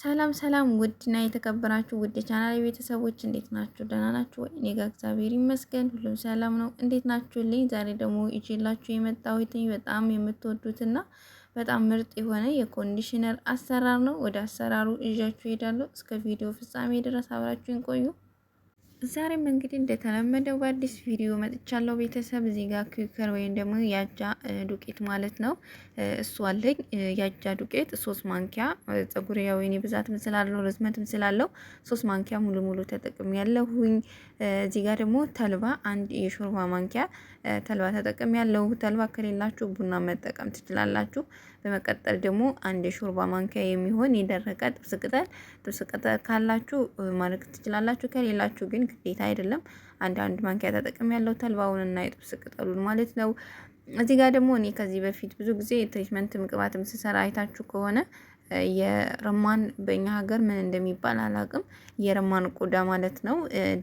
ሰላም ሰላም ውድና የተከበራችሁ ውድ ቻናል ቤተሰቦች እንዴት ናችሁ? ደህና ናችሁ ወይ? እኔ ጋር እግዚአብሔር ይመስገን ሁሉም ሰላም ነው። እንዴት ናችሁልኝ? ዛሬ ደግሞ ይዤላችሁ የመጣሁትኝ በጣም የምትወዱትና በጣም ምርጥ የሆነ የኮንዲሽነር አሰራር ነው። ወደ አሰራሩ ይዣችሁ ሄዳለሁ። እስከ ቪዲዮ ፍጻሜ ድረስ አብራችሁን ቆዩ። ዛሬም እንግዲህ እንደተለመደው በአዲስ ቪዲዮ መጥቻለሁ። ቤተሰብ እዚህ ጋር ክክር ወይም ደግሞ ያጃ ዱቄት ማለት ነው። እሱ አለኝ ያጃ ዱቄት ሶስት ማንኪያ ጸጉር ያው የኔ ብዛትም ስላለው ርዝመትም ስላለው ሶስት ማንኪያ ሙሉ ሙሉ ያለሁኝ እዚህ ጋር ደግሞ ተልባ አንድ የሾርባ ማንኪያ ተልባ ተጠቀም ያለው። ተልባ ከሌላችሁ ቡና መጠቀም ትችላላችሁ። በመቀጠል ደግሞ አንድ የሾርባ ማንኪያ የሚሆን የደረቀ ጥብስ ቅጠል፣ ጥብስ ቅጠል ካላችሁ ማድረግ ትችላላችሁ። ከሌላችሁ ግን ግዴታ አይደለም። አንድ አንድ ማንኪያ ተጠቅም ያለው ተልባውንና የጥብስ ቅጠሉን ማለት ነው። እዚህ ጋር ደግሞ እኔ ከዚህ በፊት ብዙ ጊዜ ትሪትመንትም ቅባትም ስሰራ አይታችሁ ከሆነ የረማን በእኛ ሀገር ምን እንደሚባል አላቅም የረማን ቆዳ ማለት ነው።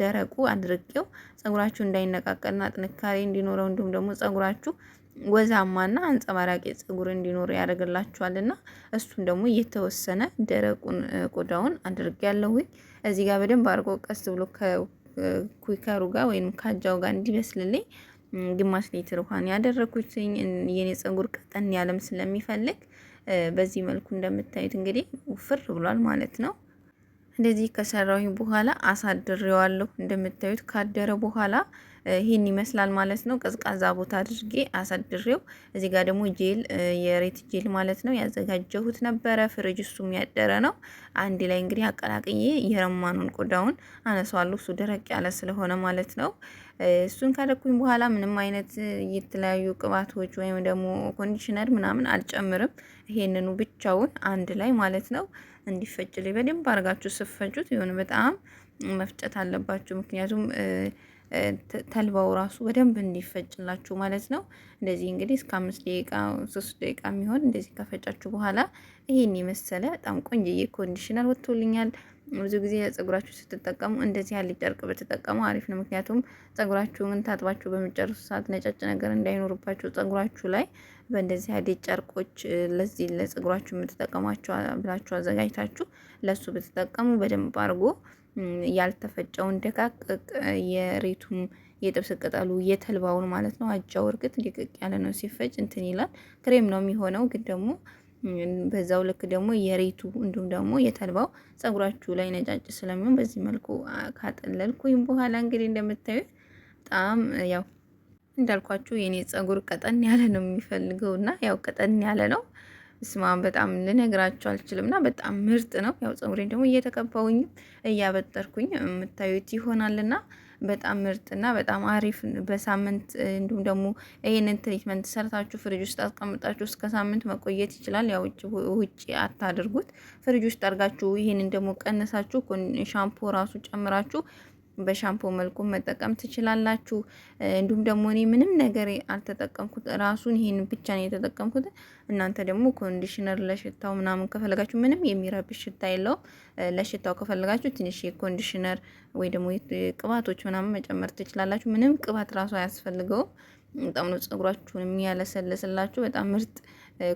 ደረቁ አድርቄው ጸጉራችሁ እንዳይነቃቀልና ጥንካሬ እንዲኖረው እንዲሁም ደግሞ ጸጉራችሁ ወዛማና አንጸባራቂ ጸጉር እንዲኖር ያደርግላችኋልና እሱም ደግሞ የተወሰነ ደረቁን ቆዳውን አድርግ ያለሁኝ እዚህ ጋር በደንብ አድርጎ ቀስ ብሎ ከኩይከሩ ጋር ወይም ካጃው ጋር እንዲበስልልኝ ግማሽ ሊትር ውሃን ያደረኩትኝ የኔ ጸጉር ቀጠን ያለም ስለሚፈልግ በዚህ መልኩ እንደምታዩት እንግዲህ ውፍር ብሏል ማለት ነው። እንደዚህ ከሰራሁኝ በኋላ አሳድሬዋለሁ። እንደምታዩት ካደረ በኋላ ይህን ይመስላል ማለት ነው። ቀዝቃዛ ቦታ አድርጌ አሳድሬው እዚህ ጋር ደግሞ ጄል የሬት ጄል ማለት ነው ያዘጋጀሁት ነበረ። ፍሪጅ እሱም ያደረ ነው። አንድ ላይ እንግዲህ አቀላቅዬ የረማኑን ቆዳውን አነሳዋለሁ። እሱ ደረቅ ያለ ስለሆነ ማለት ነው። እሱን ካደኩኝ በኋላ ምንም አይነት የተለያዩ ቅባቶች ወይም ደግሞ ኮንዲሽነር ምናምን አልጨምርም። ይሄንኑ ብቻውን አንድ ላይ ማለት ነው እንዲፈጭልኝ በደንብ አድርጋችሁ ስፈጩት የሆነ በጣም መፍጨት አለባችሁ። ምክንያቱም ተልባው ራሱ በደንብ እንዲፈጭላችሁ ማለት ነው። እንደዚህ እንግዲህ እስከ አምስት ደቂቃ ሶስት ደቂቃ የሚሆን እንደዚህ ከፈጫችሁ በኋላ ይሄን የመሰለ በጣም ቆንጅዬ ኮንዲሽነር ወጥቶልኛል። ብዙ ጊዜ ጸጉራችሁ ስትጠቀሙ እንደዚህ ያለ ጨርቅ በተጠቀሙ አሪፍ ነው። ምክንያቱም ጸጉራችሁን ታጥባችሁ በሚጨርሱ ሰዓት ነጫጭ ነገር እንዳይኖርባችሁ ጸጉራችሁ ላይ በእንደዚህ ያለ ጨርቆች ለዚህ ለጸጉራችሁ የምትጠቀሟቸው ብላችሁ አዘጋጅታችሁ ለሱ ብትጠቀሙ በደንብ አድርጎ ያልተፈጨውን ደቃቅ የሬቱም የጥብስ ቅጠሉ የተልባውን ማለት ነው። አጃው እርግጥ ሊቅቅ ያለ ነው ሲፈጭ እንትን ይላል፣ ክሬም ነው የሚሆነው። ግን ደግሞ በዛው ልክ ደግሞ የሬቱ እንዲሁም ደግሞ የተልባው ጸጉራችሁ ላይ ነጫጭ ስለሚሆን በዚህ መልኩ ካጠለልኩኝ በኋላ እንግዲህ እንደምታዩት በጣም ያው እንዳልኳችሁ የኔ ጸጉር ቀጠን ያለ ነው የሚፈልገው እና ያው ቀጠን ያለ ነው እስማ በጣም ልነግራቸው አልችልም እና በጣም ምርጥ ነው። ያው ፀጉሬን ደግሞ እየተቀባውኝ እያበጠርኩኝ የምታዩት ይሆናልና በጣም ምርጥና በጣም አሪፍ በሳምንት እንዲሁም ደግሞ ይህንን ትሪትመንት ሰርታችሁ ፍሪጅ ውስጥ አስቀምጣችሁ እስከ ሳምንት መቆየት ይችላል። ያው ውጭ አታድርጉት። ፍሪጅ ውስጥ አድርጋችሁ ይህንን ደግሞ ቀንሳችሁ ሻምፖ ራሱ ጨምራችሁ በሻምፖ መልኩ መጠቀም ትችላላችሁ። እንዲሁም ደግሞ እኔ ምንም ነገር አልተጠቀምኩት ራሱን ይሄን ብቻ ነው የተጠቀምኩት። እናንተ ደግሞ ኮንዲሽነር ለሽታው ምናምን ከፈለጋችሁ ምንም የሚረብሽ ሽታ የለውም። ለሽታው ከፈለጋችሁ ትንሽ የኮንዲሽነር ወይ ደግሞ ቅባቶች ምናምን መጨመር ትችላላችሁ። ምንም ቅባት ራሱ አያስፈልገውም። በጣም ነው ጸጉራችሁን የሚያለሰልስላችሁ። በጣም ምርጥ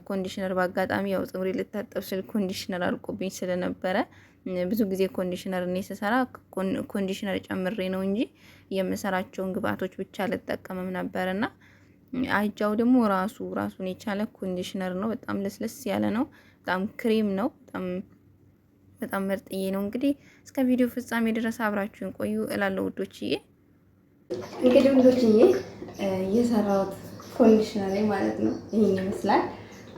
ኮንዲሽነር በአጋጣሚ ያው ፀጉሬ ልታጠብ ስል ኮንዲሽነር አልቆብኝ ስለነበረ ብዙ ጊዜ ኮንዲሽነር እኔ ስሰራ ኮንዲሽነር ጨምሬ ነው እንጂ የምሰራቸውን ግብአቶች ብቻ አልጠቀምም ነበር እና አይጃው ደግሞ ራሱ ራሱን የቻለ ኮንዲሽነር ነው። በጣም ለስለስ ያለ ነው። በጣም ክሬም ነው። በጣም በጣም ምርጥዬ ነው። እንግዲህ እስከ ቪዲዮ ፍጻሜ ድረስ አብራችሁን ቆዩ እላለሁ ውዶችዬ። እንግዲህ ውዶችዬ የሰራሁት ኮንዲሽነር ማለት ነው ይህን ይመስላል።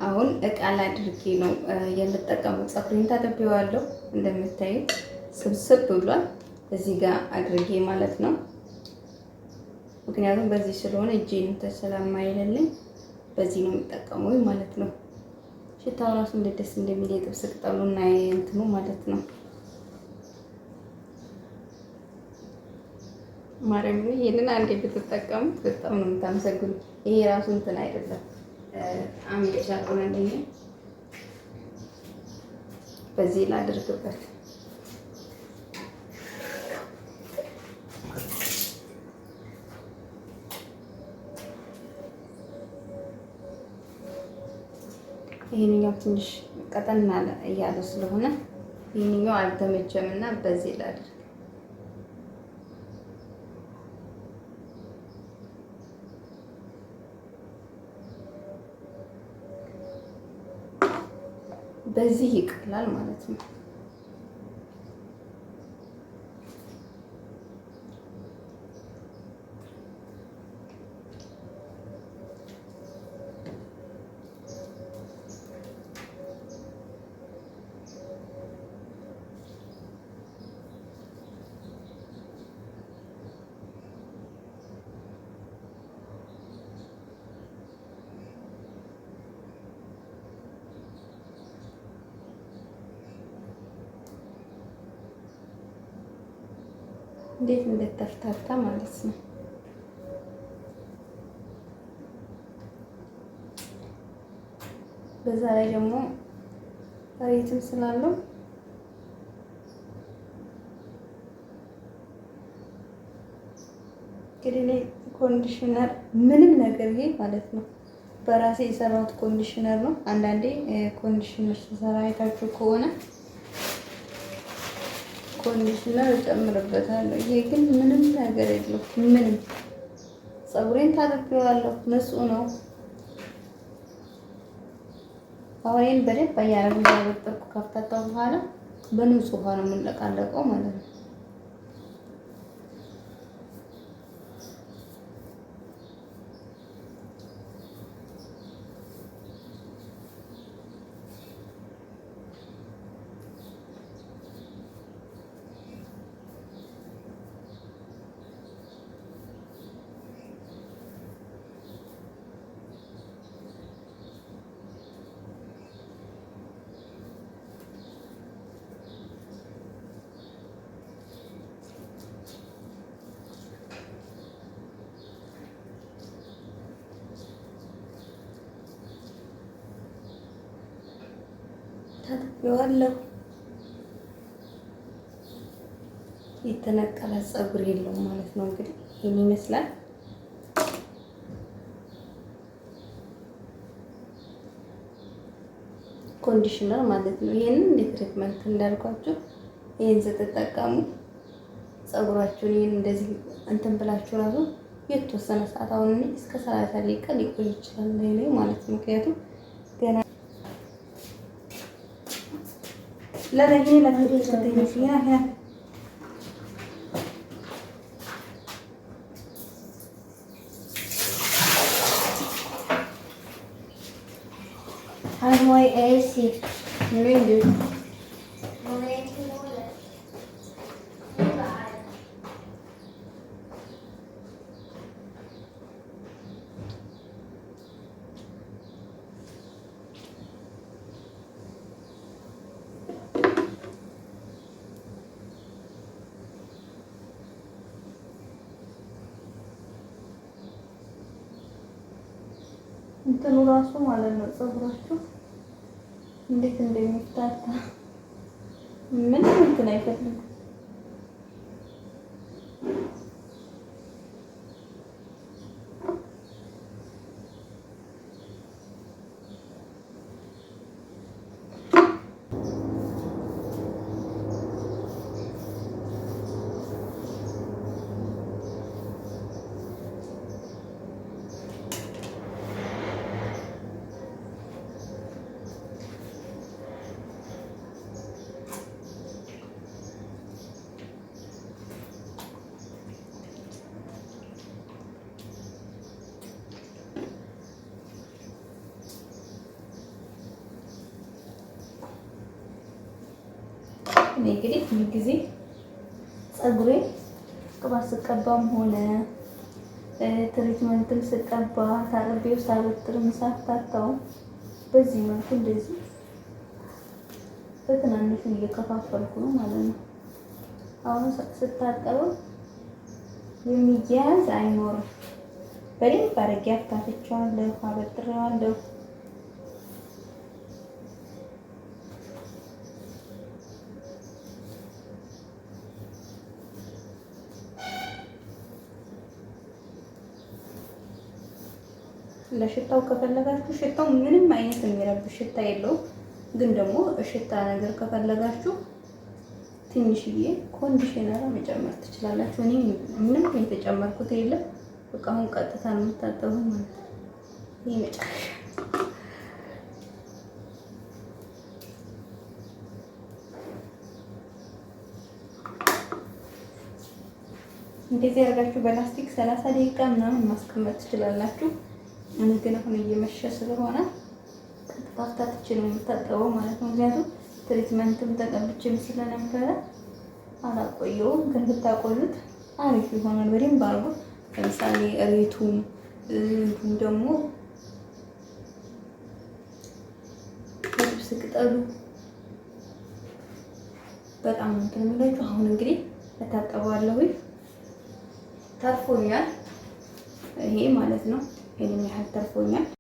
አሁን እቃ ላይ አድርጌ ነው የምጠቀመው። ፀጉሬን ታጥቤዋለሁ እንደምታዩት ስብስብ ብሏል። እዚህ ጋር አድርጌ ማለት ነው። ምክንያቱም በዚህ ስለሆነ እጄን ስለማይልልኝ በዚህ ነው የምጠቀመው ማለት ነው። ሽታው ራሱ እንዴት ደስ እንደሚል የጥብስ እና እንትኑ ማለት ነው። ማርያም ይሄንን አንዴ ብትጠቀሙት በጣም ነው የምታመሰግኑ። ይሄ ራሱ እንትን አይደለም አምጫ ሆነልኝ። በዚህ ላድርግበት። ይህንኛው ትንሽ ቀጠን እያለ ስለሆነ ይህንኛው አልተመቸም እና በዚህ ላድርግ በዚህ ይቀላል ማለት ነው። እንዴት እንደተፍታታ ማለት ነው። በዛ ላይ ደግሞ ሬትም ስላለው እንግዲህ ኮንዲሽነር ምንም ነገር ይሄ ማለት ነው በራሴ የሰራሁት ኮንዲሽነር ነው። አንዳንዴ ኮንዲሽነር ስሰራ አይታችሁ ከሆነ ኮንዲሽነር እጨምርበታለሁ። ይሄ ግን ምንም ነገር የለው። ምንም ፀጉሬን ታጥቤዋለሁ። ንጹህ ነው። አሁን በደንብ አያረግ ያበጠርኩ ከፍታታ በኋላ በንጹህ ውሃ ነው የምንለቃለቀው ማለት ነው። ታጥቤዋለሁ። የተነቀለ ፀጉር የለውም ማለት ነው። እንግዲህ ይህን ይመስላል። ኮንዲሽነር ማለት ነው። ይህንን እንደ ትሪትመንት እንዳልኳችሁ ይህን ስትጠቀሙ ፀጉራችሁን ይህን እንደዚህ እንትን ብላችሁ ራሱ የተወሰነ ሰዓት አሁን እስከ ሰላሳ ደቂቃ ሊቆይ ይችላል ላይ ማለት ነው። ምክንያቱም Lagi lagi kita eh, ini siapa? Hai, mau ikut sih? እንትኑ ራሱ ማለት ነው ፀጉራችሁ እንዴት እንደሚታታ ምንም እንትን አይፈልግም። እኔ እንግዲህ ብዙ ጊዜ ፀጉሬ ቅባት ስቀባም ሆነ ትሪትመንትም ስቀባ ታረቤው ሳበጥር ሳፍታታው በዚህ መልኩ እንደዚህ በትናንሹ እየከፋፈልኩ ነው ማለት ነው። አሁን ስታጠበው የሚያያዝ አይኖርም። በደንብ አድርጌ አፍታትቼዋለሁ፣ አበጥሬዋለሁ። ለሽታው ከፈለጋችሁ ሽታው ምንም አይነት የሚረብሽ ሽታ የለውም። ግን ደግሞ ሽታ ነገር ከፈለጋችሁ ትንሽዬ ኮንዲሽነር መጨመር ትችላላችሁ። እኔ ምንም የተጨመርኩት የለም። በቃ አሁን ቀጥታ ነው የምታጠበው ማለት ነው። ይህ መጨረሻ እንደዚህ ያደርጋችሁ በላስቲክ ሰላሳ ደቂቃ ምናምን ማስቀመጥ ትችላላችሁ። እኔ ግን አሁን እየመሸ ስለሆነ ቀጥታታትች ነው የምታጠበው ማለት ነው። ምክንያቱም ትሪትመንትም ተቀብቼም ስለነበረ አላቆየውም። ግን ብታቆዩት አሪፍ ይሆናል። በደንብ አድርጎ ለምሳሌ እሬቱም እንዲሁም ደግሞ ልብስ ቅጠሉ በጣም እንትን የሚላችሁ አሁን እንግዲህ እታጠባለሁ። ታጥፎኛል ይሄ ማለት ነው። ይህን ያህል ተርፎኛል።